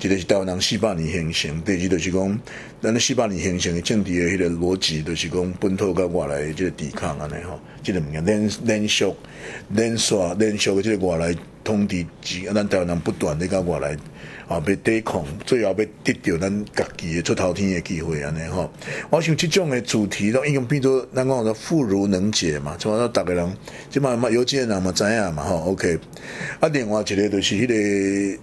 一個是台灣人四百年形成。第二，就是講，咱的四百年形成的的，成，政敵的迄個邏輯就是講，本土外的這個，這、這個、的這個外來即個抵抗安尼吼，即個物連連續連續個即個外來統治者，咱、啊、台灣人不斷咧甲外來，啊，被抵抗，最後要得着咱家己嘅出頭天嘅機會安尼吼。我想即種嘅主題都，都已經變做，咱講說婦孺能解嘛，即嘛，逐個人，即嘛嘛有些人嘛知影嘛吼，OK。啊，另外一個就是迄、那個。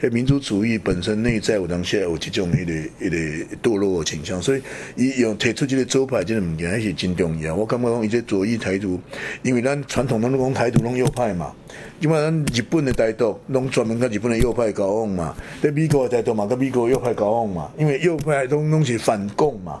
誒，民族主義本身內在有當些有幾種一、那個一、那個墮落嘅傾向，所以伊用提出去個左派，即個物件還是真重要。我感覺講一些左翼台獨，因為咱傳統攏攏台獨攏右派嘛，因為咱日本嘅台獨攏專門佮日本嘅右派交往嘛，咧美國嘅台獨嘛，佮美國的右派交往嘛，因為右派都攏是反共嘛。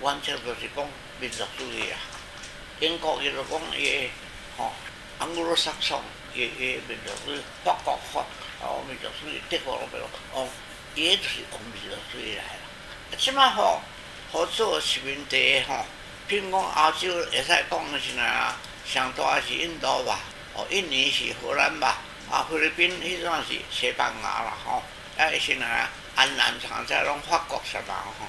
完全就是講民族主義啊？英國伊就講耶，嗬，盎格魯撒克遜、伊誒民族主義，法國法、然後民族主義，德國攏，伊誒就是講民族主義來啦。咁啊，吼、哦，好，做殖民地，吼，譬如講亞洲會使講講先啦，上大是印度吧，哦、啊，印尼是荷蘭吧，啊，菲律賓迄陣是西班牙啦，吼 'Yes'.，啊，先啦，安南長者都法國時代，吼。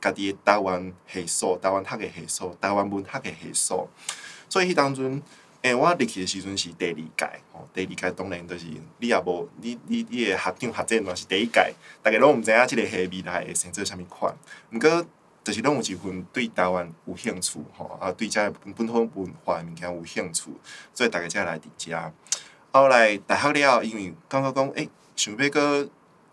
家己台灣黑手，台灣黑嘅黑手，台灣文、黑嘅黑手，所以迄當陣，誒、欸，我入去時陣是第二屆，吼、喔，第二屆當然就是你也無，你你你嘅學長學姐嘛是第一屆，大家攏唔知影即個系未來會成做啥物款。毋過，就是攏有一份對台灣有興趣，吼、喔，啊，對即個本土文化物件有興趣，所以大家才來佇遮。後、喔、來大學了，因為感覺講誒，想要去。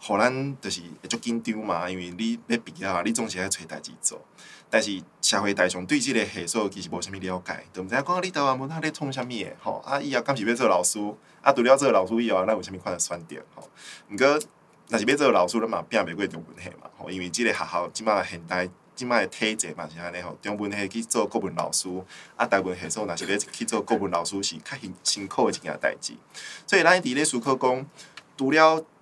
互咱著是會足緊張嘛，因為你咧畢業啊，你總是愛揣代志做。但是社會大眾對即個系數其實無啥物了解，著毋知影講你台灣文化咧創啥物嘅，吼啊以後敢是要做老師，啊除了做老師以外，咱有啥物款的選擇吼，毋過若是要做老師咱嘛，拼袂過中文系嘛，吼，因為即個學校今麥現代即今麥體制嘛是安尼，吼，中文系去做國文老師，啊，台灣系數若是咧去做國文老師是較辛辛苦嘅一件代志。所以咱一直咧思考講除了。